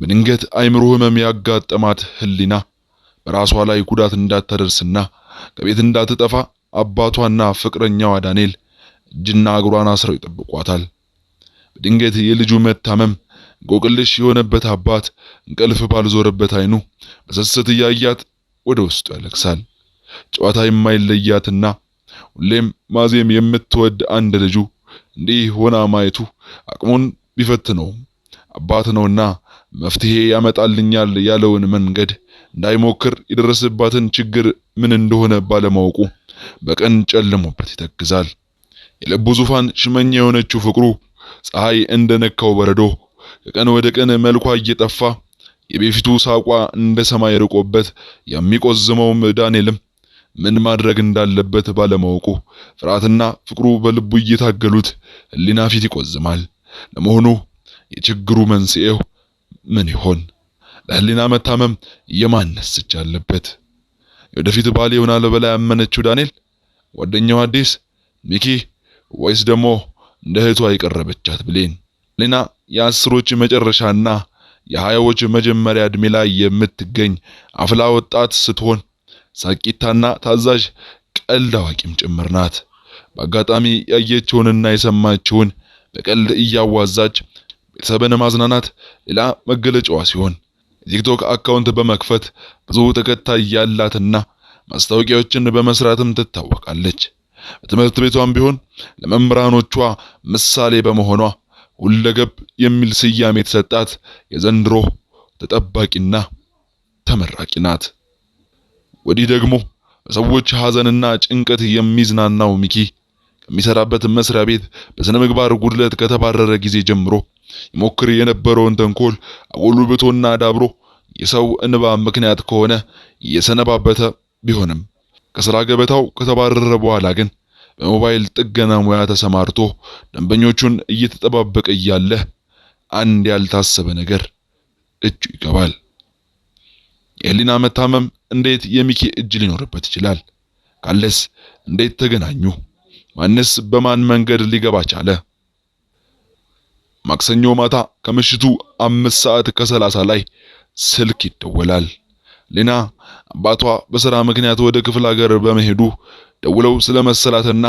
በድንገት አይምሮ ህመም ያጋጠማት ህሊና በራሷ ላይ ጉዳት እንዳታደርስና ከቤት እንዳትጠፋ አባቷና ፍቅረኛዋ ዳንኤል እጅና እግሯን አስረው ይጠብቋታል። በድንገት የልጁ መታመም እንቆቅልሽ የሆነበት አባት እንቅልፍ ባልዞረበት አይኑ በስስት እያያት ወደ ውስጡ ያለቅሳል። ጨዋታ የማይለያትና ሁሌም ማዜም የምትወድ አንድ ልጁ እንዲህ ሆና ማየቱ አቅሙን ቢፈትነውም አባት ነውና መፍትሄ ያመጣልኛል ያለውን መንገድ እንዳይሞክር የደረሰባትን ችግር ምን እንደሆነ ባለማወቁ በቀን ጨልሞበት ይተክዛል። የልቡ ዙፋን ሽመኛ የሆነችው ፍቅሩ ፀሐይ እንደነካው በረዶ ከቀን ወደ ቀን መልኳ እየጠፋ የቤፊቱ ሳቋ እንደ ሰማይ ርቆበት የሚቆዝመውም ዳንኤልም ምን ማድረግ እንዳለበት ባለማወቁ ፍርሃትና ፍቅሩ በልቡ እየታገሉት ሕሊና ፊት ይቆዝማል። ለመሆኑ የችግሩ መንስኤው ምን ይሆን? ለህሊና መታመም የማነስ እጅ አለበት? የወደፊት ባል ይሆናል ብላ ያመነችው ዳንኤል፣ ጓደኛው አዲስ፣ ሚኪ ወይስ ደግሞ እንደ እህቷ የቀረበቻት ብሌን? ሊና የአስሮች መጨረሻና የሀያዎች መጀመሪያ እድሜ ላይ የምትገኝ አፍላ ወጣት ስትሆን ሳቂታና ታዛዥ ቀልድ አዋቂም ጭምር ናት። በአጋጣሚ ያየችውንና የሰማችውን በቀልድ እያዋዛች ቤተሰብን ማዝናናት ሌላ መገለጫዋ ሲሆን የቲክቶክ አካውንት በመክፈት ብዙ ተከታይ ያላትና ማስታወቂያዎችን በመስራትም ትታወቃለች። በትምህርት ቤቷም ቢሆን ለመምህራኖቿ ምሳሌ በመሆኗ ሁለገብ የሚል ስያሜ የተሰጣት የዘንድሮ ተጠባቂና ተመራቂ ናት። ወዲህ ደግሞ በሰዎች ሐዘንና ጭንቀት የሚዝናናው ሚኪ ከሚሰራበትን መስሪያ ቤት በስነ ምግባር ጉድለት ከተባረረ ጊዜ ጀምሮ ይሞክር የነበረውን ተንኮል አጎልብቶና አዳብሮ የሰው እንባ ምክንያት ከሆነ የሰነባበተ ቢሆንም ከስራ ገበታው ከተባረረ በኋላ ግን በሞባይል ጥገና ሙያ ተሰማርቶ ደንበኞቹን እየተጠባበቀ እያለ አንድ ያልታሰበ ነገር እጁ ይገባል። የህሊና መታመም እንዴት የሚኪ እጅ ሊኖርበት ይችላል? ካለስ እንዴት ተገናኙ? ማንስ በማን መንገድ ሊገባ ቻለ? ማክሰኞ ማታ ከምሽቱ አምስት ሰዓት ከሰላሳ ላይ ስልክ ይደወላል። ሊና አባቷ በሥራ ምክንያት ወደ ክፍለ ሀገር በመሄዱ ደውለው ስለመሰላትና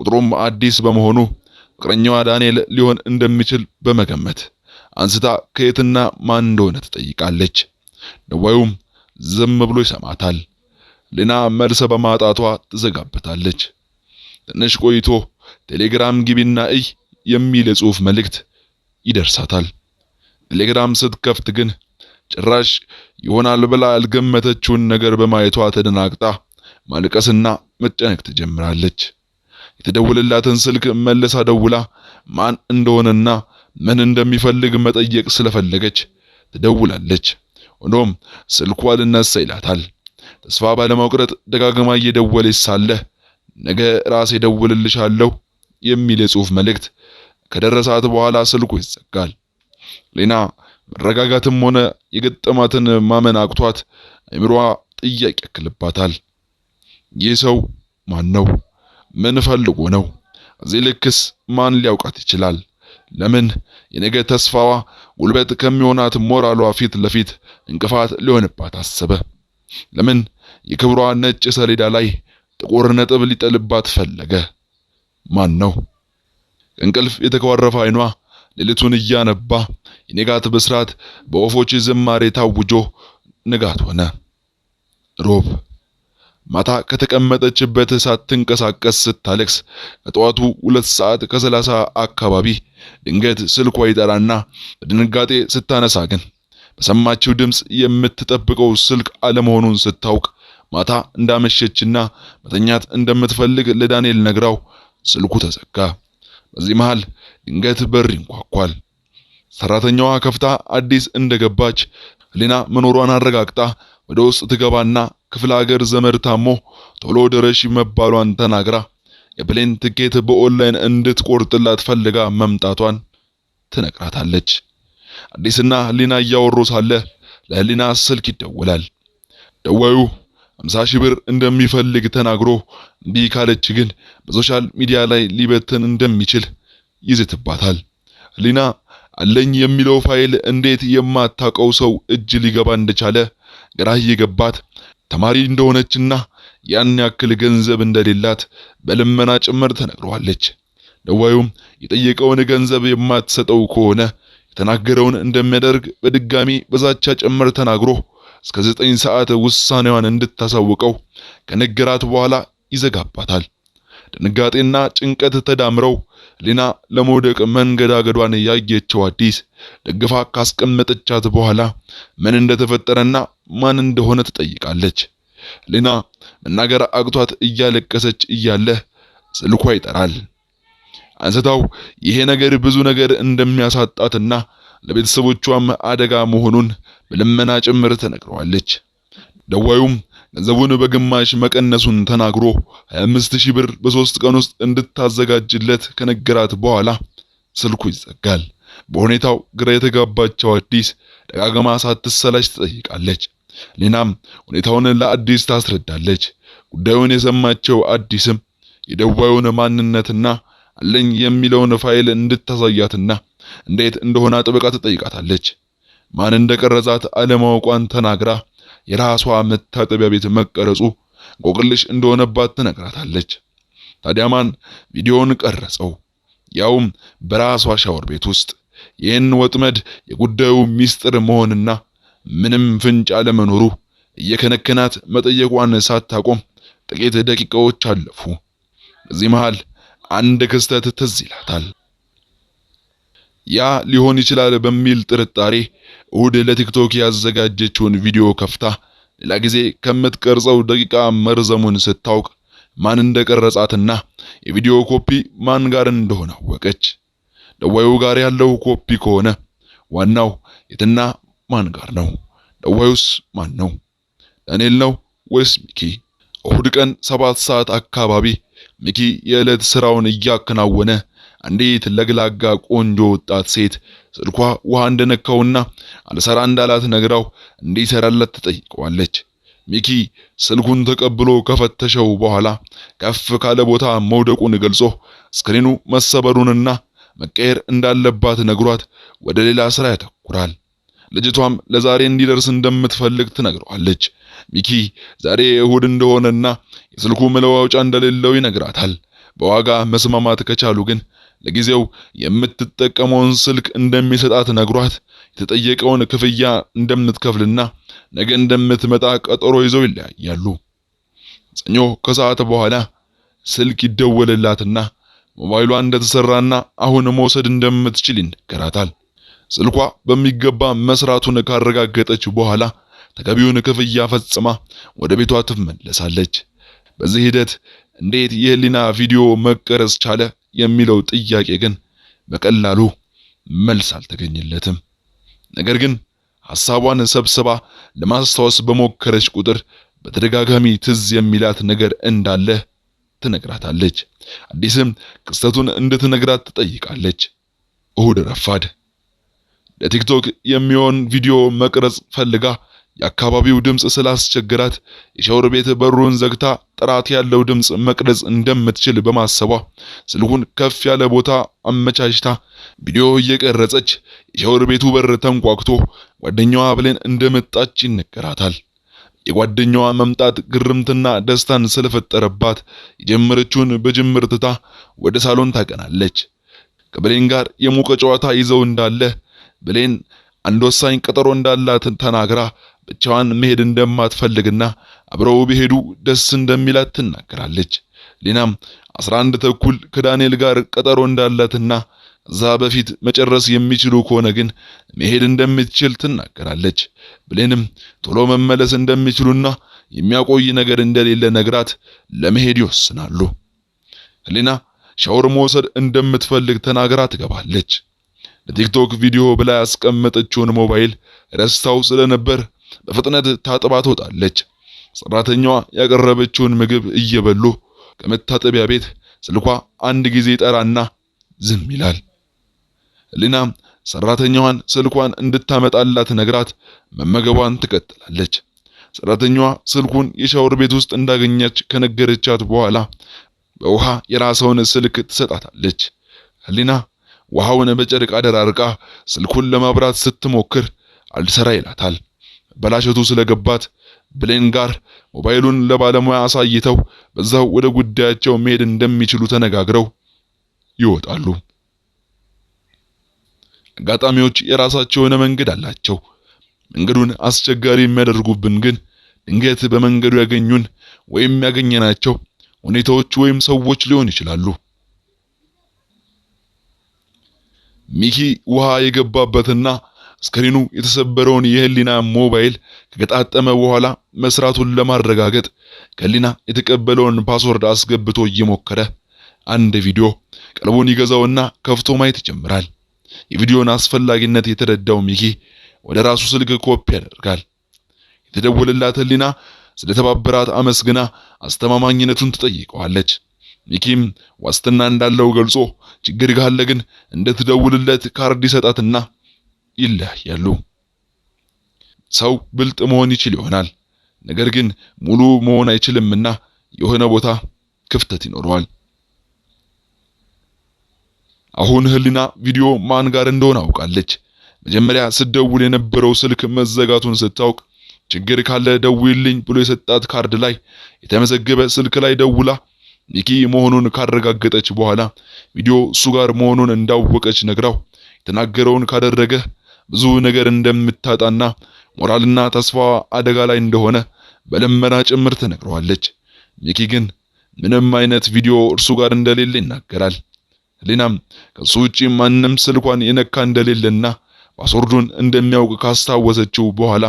ቁጥሩም አዲስ በመሆኑ ፍቅረኛዋ ዳንኤል ሊሆን እንደሚችል በመገመት አንስታ ከየትና ማን እንደሆነ ትጠይቃለች። ደዋዩም ዝም ብሎ ይሰማታል። ሊና መልሰ በማጣቷ ትዘጋበታለች። ትንሽ ቆይቶ ቴሌግራም ግቢና እይ የሚል የጽሑፍ መልእክት ይደርሳታል። ቴሌግራም ስትከፍት ግን ጭራሽ ይሆናል ብላ ያልገመተችውን ነገር በማየቷ ተደናግጣ ማልቀስና መጨነቅ ትጀምራለች። የተደወለላትን ስልክ መለሳ ደውላ ማን እንደሆነና ምን እንደሚፈልግ መጠየቅ ስለፈለገች ትደውላለች። ሆኖም ስልኳ ልነሳ ይላታል። ተስፋ ባለመቁረጥ ደጋግማ እየደወለች ሳለህ ነገ ራሴ ደውልልሻለሁ የሚል የጽሁፍ መልእክት ከደረሳት በኋላ ስልኩ ይዘጋል። ሌና መረጋጋትም ሆነ የገጠማትን ማመን አቅቷት አይምሯ ጥያቄ ያክልባታል። ይህ ሰው ማን ነው? ምን ፈልጎ ነው? እዚህ ልክስ ማን ሊያውቃት ይችላል? ለምን የነገ ተስፋዋ ጉልበት ከሚሆናት ሞራሏ ፊት ለፊት እንቅፋት ሊሆንባት አሰበ? ለምን የክብሯ ነጭ ሰሌዳ ላይ ጥቁር ነጥብ ሊጠልባት ፈለገ። ማን ነው? እንቅልፍ የተኮረፈ አይኗ ሌሊቱን እያነባ የንጋት ብስራት በወፎች ዝማሬ ታውጆ ንጋት ሆነ። ሮብ ማታ ከተቀመጠችበት ሳትንቀሳቀስ ስታለቅስ ከጠዋቱ ሁለት ሰዓት ከሰላሳ አካባቢ ድንገት ስልኳ ይጠራና በድንጋጤ ስታነሳ ግን በሰማችው ድምፅ የምትጠብቀው ስልክ አለመሆኑን ስታውቅ ማታ እንዳመሸችና መተኛት እንደምትፈልግ ለዳንኤል ነግራው ስልኩ ተዘጋ። በዚህ መሃል ድንገት በር ይንኳኳል። ሰራተኛዋ ከፍታ አዲስ እንደገባች ህሊና መኖሯን አረጋግጣ ወደ ውስጥ ትገባና ክፍለ ሀገር ዘመድ ታሞ ቶሎ ደረሽ መባሏን ተናግራ የፕሌን ትኬት በኦንላይን እንድትቆርጥላት ፈልጋ መምጣቷን ትነግራታለች። አዲስና ህሊና እያወሩ ሳለ ለህሊና ስልክ ይደወላል። ደዋዩ 50 ሺህ ብር እንደሚፈልግ ተናግሮ እምቢ ካለች ግን በሶሻል ሚዲያ ላይ ሊበትን እንደሚችል ይዝትባታል። ህሊና አለኝ የሚለው ፋይል እንዴት የማታውቀው ሰው እጅ ሊገባ እንደቻለ ግራ እየገባት ተማሪ እንደሆነችና ያን ያክል ገንዘብ እንደሌላት በልመና ጭምር ተነግረዋለች። ደዋዩም የጠየቀውን ገንዘብ የማትሰጠው ከሆነ የተናገረውን እንደሚያደርግ በድጋሚ በዛቻ ጭምር ተናግሮ እስከ ዘጠኝ ሰዓት ውሳኔዋን እንድታሳውቀው ከነገራት በኋላ ይዘጋባታል። ድንጋጤና ጭንቀት ተዳምረው ሊና ለመውደቅ መንገዳገዷን ያየችው አዲስ ደግፋ ካስቀመጠቻት በኋላ ምን እንደተፈጠረና ማን እንደሆነ ትጠይቃለች። ሊና መናገር አቅቷት እያለቀሰች እያለ ስልኳ ይጠራል። አንስታው ይሄ ነገር ብዙ ነገር እንደሚያሳጣትና ለቤተሰቦቿም አደጋ መሆኑን በልመና ጭምር ተነግረዋለች። ደዋዩም ገንዘቡን በግማሽ መቀነሱን ተናግሮ 25000 ብር በሶስት ቀን ውስጥ እንድታዘጋጅለት ከነገራት በኋላ ስልኩ ይዘጋል። በሁኔታው ግራ የተጋባቸው አዲስ ደጋግማ ሳትሰላች ትጠይቃለች። ሌናም ሁኔታውን ለአዲስ ታስረዳለች። ጉዳዩን የሰማቸው አዲስም የደዋዩን ማንነትና አለኝ የሚለውን ፋይል እንድታሳያትና እንዴት እንደሆነ አጥብቃ ትጠይቃታለች። ማን እንደቀረጻት አለማወቋን ተናግራ የራሷ መታጠቢያ ቤት መቀረጹ እንቆቅልሽ እንደሆነባት ትነግራታለች። ታዲያ ማን ቪዲዮውን ቀረጸው? ያውም በራሷ ሻወር ቤት ውስጥ። ይህን ወጥመድ የጉዳዩ ሚስጥር መሆንና ምንም ፍንጭ አለመኖሩ እየከነከናት መጠየቋን ሳታቆም ጥቂት ደቂቃዎች አለፉ። በዚህ መሃል አንድ ክስተት ትዝ ይላታል። ያ ሊሆን ይችላል በሚል ጥርጣሬ እሁድ ለቲክቶክ ያዘጋጀችውን ቪዲዮ ከፍታ ሌላ ጊዜ ከምትቀርጸው ደቂቃ መርዘሙን ስታውቅ ማን እንደቀረጻትና የቪዲዮ ኮፒ ማን ጋር እንደሆነ አወቀች። ደዋዩ ጋር ያለው ኮፒ ከሆነ ዋናው የትና ማን ጋር ነው? ደዋዩስ ማን ነው? ዳንኤል ነው ወይስ ሚኪ? እሁድ ቀን ሰባት ሰዓት አካባቢ ሚኪ የዕለት ስራውን እያከናወነ አንዲት ለግላጋ ቆንጆ ወጣት ሴት ስልኳ ውሃ እንደነካውና አልሰራ እንዳላት ነግራው እንዲሰራላት ትጠይቀዋለች። ሚኪ ስልኩን ተቀብሎ ከፈተሸው በኋላ ከፍ ካለ ቦታ መውደቁን ገልጾ ስክሪኑ መሰበሩንና መቀየር እንዳለባት ነግሯት ወደ ሌላ ስራ ያተኩራል። ልጅቷም ለዛሬ እንዲደርስ እንደምትፈልግ ትነግረዋለች። ሚኪ ዛሬ እሁድ እንደሆነና የስልኩ መለዋወጫ እንደሌለው ይነግራታል። በዋጋ መስማማት ከቻሉ ግን ለጊዜው የምትጠቀመውን ስልክ እንደሚሰጣት ነግሯት የተጠየቀውን ክፍያ እንደምትከፍልና ነገ እንደምትመጣ ቀጠሮ ይዘው ይለያያሉ። ጽኞ ከሰዓት በኋላ ስልክ ይደወልላትና ሞባይሏ እንደተሰራና አሁን መውሰድ እንደምትችል ይነገራታል። ስልኳ በሚገባ መስራቱን ካረጋገጠች በኋላ ተገቢውን ክፍያ ፈጽማ ወደ ቤቷ ትመለሳለች። በዚህ ሂደት እንዴት የህሊና ቪዲዮ መቀረጽ ቻለ የሚለው ጥያቄ ግን በቀላሉ መልስ አልተገኘለትም። ነገር ግን ሐሳቧን ሰብስባ ለማስታወስ በሞከረች ቁጥር በተደጋጋሚ ትዝ የሚላት ነገር እንዳለ ትነግራታለች። አዲስም ክስተቱን እንድትነግራት ትጠይቃለች። እሁድ ረፋድ ለቲክቶክ የሚሆን ቪዲዮ መቅረጽ ፈልጋ የአካባቢው ድምፅ ስላስቸግራት የሻወር ቤት በሩን ዘግታ ጥራት ያለው ድምፅ መቅረጽ እንደምትችል በማሰቧ ስልኩን ከፍ ያለ ቦታ አመቻችታ ቪዲዮ እየቀረጸች የሻወር ቤቱ በር ተንኳክቶ ጓደኛዋ ብሌን እንደመጣች ይነገራታል። የጓደኛዋ መምጣት ግርምትና ደስታን ስለፈጠረባት የጀመረችውን በጅምር ትታ ወደ ሳሎን ታቀናለች። ከብሌን ጋር የሞቀ ጨዋታ ይዘው እንዳለ ብሌን አንድ ወሳኝ ቀጠሮ እንዳላት ተናግራ ብቻዋን መሄድ እንደማትፈልግና አብረው ቢሄዱ ደስ እንደሚላት ትናገራለች። ሊናም 11 ተኩል ከዳንኤል ጋር ቀጠሮ እንዳላትና ከዛ በፊት መጨረስ የሚችሉ ከሆነ ግን መሄድ እንደምትችል ትናገራለች። ብሌንም ቶሎ መመለስ እንደሚችሉና የሚያቆይ ነገር እንደሌለ ነግራት ለመሄድ ይወስናሉ። ሊና ሻወር መውሰድ እንደምትፈልግ ተናግራ ትገባለች። ለቲክቶክ ቪዲዮ ብላ ያስቀመጠችውን ሞባይል ረስታው ስለነበር በፍጥነት ታጥባ ትወጣለች። ሰራተኛዋ ያቀረበችውን ምግብ እየበሉ ከመታጠቢያ ቤት ስልኳ አንድ ጊዜ ጠራና ዝም ይላል። ህሊናም ሰራተኛዋን ስልኳን እንድታመጣላት ነግራት መመገቧን ትቀጥላለች። ሰራተኛዋ ስልኩን የሻወር ቤት ውስጥ እንዳገኘች ከነገረቻት በኋላ በውሃ የራሰውን ስልክ ትሰጣታለች። ህሊና ውሃውን በጨርቅ አደራርቃ ስልኩን ለማብራት ስትሞክር አልሰራ ይላታል። በላሸቱ ስለገባት ብሌን ጋር ሞባይሉን ለባለሙያ አሳይተው በዛው ወደ ጉዳያቸው መሄድ እንደሚችሉ ተነጋግረው ይወጣሉ። አጋጣሚዎች የራሳቸው የሆነ መንገድ አላቸው። መንገዱን አስቸጋሪ የሚያደርጉብን ግን ድንገት በመንገዱ ያገኙን ወይም ያገኘናቸው ሁኔታዎች ወይም ሰዎች ሊሆን ይችላሉ። ሚኪ ውሃ የገባበትና ስክሪኑ የተሰበረውን የህሊና ሞባይል ከገጣጠመ በኋላ መስራቱን ለማረጋገጥ ከህሊና የተቀበለውን ፓስወርድ አስገብቶ እየሞከረ አንድ ቪዲዮ ቀልቡን ይገዛውና ከፍቶ ማየት ይጀምራል። የቪዲዮን አስፈላጊነት የተረዳው ሚኪ ወደ ራሱ ስልክ ኮፒ ያደርጋል። የተደወለላት ህሊና ስለተባበራት አመስግና አስተማማኝነቱን ትጠይቀዋለች። ሚኪም ዋስትና እንዳለው ገልጾ ችግር ካለ ግን እንደትደውልለት ካርድ ይሰጣትና ይለያያሉ። ሰው ብልጥ መሆን ይችል ይሆናል፣ ነገር ግን ሙሉ መሆን አይችልምና የሆነ ቦታ ክፍተት ይኖረዋል። አሁን ህሊና ቪዲዮ ማን ጋር እንደሆነ አውቃለች። መጀመሪያ ስደውል የነበረው ስልክ መዘጋቱን ስታውቅ ችግር ካለ ደውልኝ ብሎ የሰጣት ካርድ ላይ የተመዘገበ ስልክ ላይ ደውላ ኒኪ መሆኑን ካረጋገጠች በኋላ ቪዲዮ እሱ ጋር መሆኑን እንዳወቀች ነግራው የተናገረውን ካደረገ ብዙ ነገር እንደምታጣና ሞራልና ተስፋ አደጋ ላይ እንደሆነ በልመና ጭምር ትነግረዋለች። ሚኪ ግን ምንም አይነት ቪዲዮ እርሱ ጋር እንደሌለ ይናገራል። ህሊናም ከሱ ውጪ ማንም ስልኳን የነካ እንደሌለና ፓስወርዱን እንደሚያውቅ ካስታወሰችው በኋላ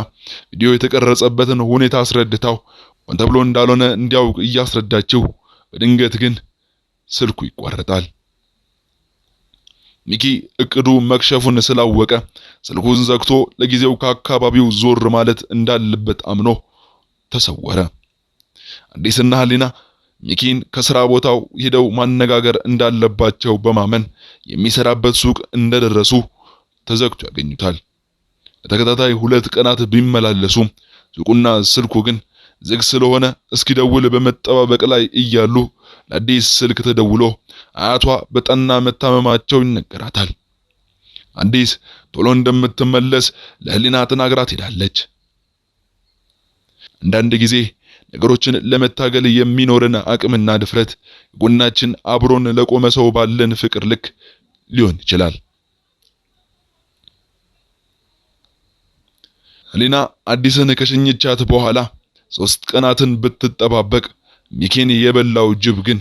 ቪዲዮ የተቀረጸበትን ሁኔታ አስረድታው ሆን ተብሎ እንዳልሆነ እንዲያውቅ እያስረዳችው፣ በድንገት ግን ስልኩ ይቋረጣል። ሚኪ እቅዱ መክሸፉን ስላወቀ ስልኩን ዘግቶ ለጊዜው ከአካባቢው ዞር ማለት እንዳለበት አምኖ ተሰወረ። አዲስና ህሊና ሚኪን ከስራ ቦታው ሄደው ማነጋገር እንዳለባቸው በማመን የሚሰራበት ሱቅ እንደደረሱ ተዘግቶ ያገኙታል። ለተከታታይ ሁለት ቀናት ቢመላለሱም ሱቁና ስልኩ ግን ዝግ ስለሆነ እስኪደውል በመጠባበቅ ላይ እያሉ ለአዲስ ስልክ ተደውሎ አያቷ በጠና መታመማቸው ይነገራታል። አዲስ ቶሎ እንደምትመለስ ለህሊና ተናግራ ትሄዳለች። አንዳንድ ጊዜ ነገሮችን ለመታገል የሚኖረን አቅምና ድፍረት ጎናችን አብሮን ለቆመ ሰው ባለን ፍቅር ልክ ሊሆን ይችላል። ህሊና አዲስን ከሸኘቻት በኋላ ሶስት ቀናትን ብትጠባበቅ ሚኬን የበላው ጅብ ግን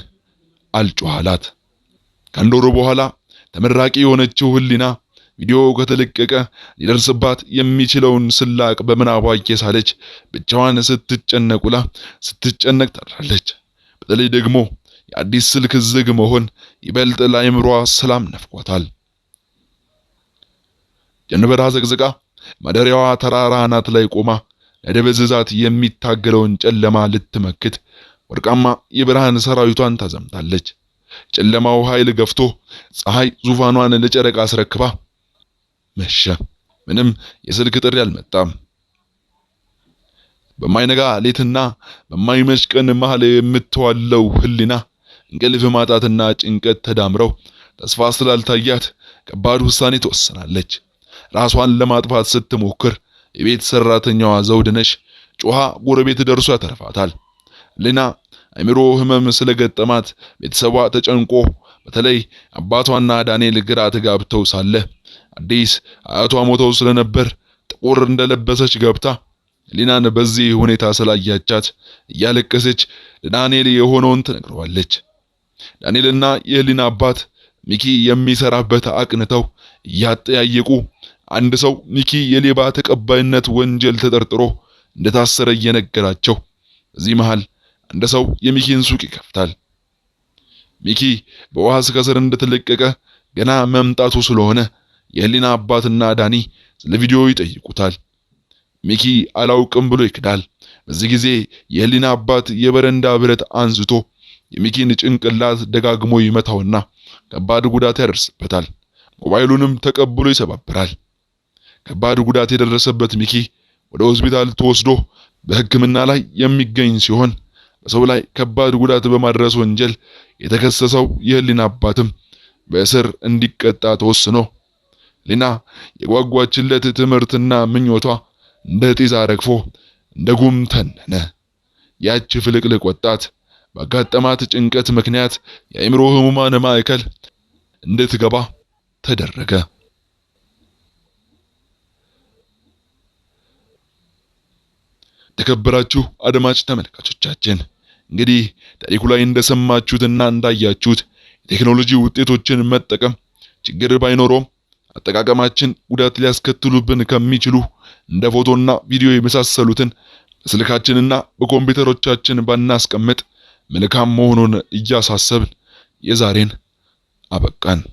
አልጮኋላት። ከአንድ ወር በኋላ ተመራቂ የሆነችው ህሊና ቪዲዮ ከተለቀቀ ሊደርስባት የሚችለውን ስላቅ በምናቧ እየሳለች ብቻዋን ስትጨነቅ ስትጨነቅ ታድራለች። በተለይ ደግሞ የአዲስ ስልክ ዝግ መሆን ይበልጥ ለአእምሯ ሰላም ነፍቋታል። ጀንበራ ዘቅዝቃ ማደሪያዋ ተራራ አናት ላይ ቆማ ለደበዝዛት የሚታገለውን ጨለማ ልትመክት ወርቃማ የብርሃን ሰራዊቷን ታዘምታለች። ጨለማው ኃይል ገፍቶ ፀሐይ ዙፋኗን ለጨረቃ አስረክባ መሸ። ምንም የስልክ ጥሪ አልመጣም። በማይነጋ ሌትና በማይመሽ ቀን መሃል የምትዋለው ህሊና እንቅልፍ ማጣትና ጭንቀት ተዳምረው ተስፋ ስላልታያት ከባድ ውሳኔ ትወሰናለች። ራሷን ለማጥፋት ስትሞክር የቤት ሰራተኛዋ ዘውድነሽ ጮሃ ጎረቤት ደርሶ ያተርፋታል። ሌና አእምሮ ህመም ስለገጠማት ቤተሰቧ ተጨንቆ በተለይ አባቷና ዳንኤል ግራ ተጋብተው ሳለ አዲስ አያቷ ሞተው ስለነበር ጥቁር እንደለበሰች ገብታ ሊናን በዚህ ሁኔታ ስላያቻት እያለቀሰች ለዳንኤል የሆነውን ትነግረዋለች። ዳንኤልና የሊና አባት ሚኪ የሚሰራበት አቅንተው እያጠያየቁ አንድ ሰው ሚኪ የሌባ ተቀባይነት ወንጀል ተጠርጥሮ እንደታሰረ እየነገራቸው በዚህ መሃል እንደ ሰው የሚኪን ሱቅ ይከፍታል። ሚኪ በውሃ ከስር እንደተለቀቀ ገና መምጣቱ ስለሆነ የህሊና አባትና ዳኒ ስለ ቪዲዮ ይጠይቁታል። ሚኪ አላውቅም ብሎ ይክዳል። በዚህ ጊዜ የህሊና አባት የበረንዳ ብረት አንስቶ የሚኪን ጭንቅላት ደጋግሞ ይመታውና ከባድ ጉዳት ያደርስበታል። ሞባይሉንም ተቀብሎ ይሰባብራል። ከባድ ጉዳት የደረሰበት ሚኪ ወደ ሆስፒታል ተወስዶ በሕክምና ላይ የሚገኝ ሲሆን በሰው ላይ ከባድ ጉዳት በማድረስ ወንጀል የተከሰሰው የህሊና አባትም በእስር እንዲቀጣ ተወስኖ ሊና የጓጓችለት ትምህርትና ምኞቷ እንደ ጢዛ ረግፎ እንደ ጉም ተነነ። ያቺ ፍልቅልቅ ወጣት ባጋጠማት ጭንቀት ምክንያት የአእምሮ ህሙማን ማዕከል እንድትገባ ተደረገ። የተከበራችሁ አድማጭ ተመልካቾቻችን እንግዲህ ታሪኩ ላይ እንደሰማችሁትና እንዳያችሁት የቴክኖሎጂ ውጤቶችን መጠቀም ችግር ባይኖረውም አጠቃቀማችን ጉዳት ሊያስከትሉብን ከሚችሉ እንደ ፎቶና ቪዲዮ የመሳሰሉትን በስልካችንና በኮምፒውተሮቻችን ባናስቀምጥ መልካም መሆኑን እያሳሰብን የዛሬን አበቃን።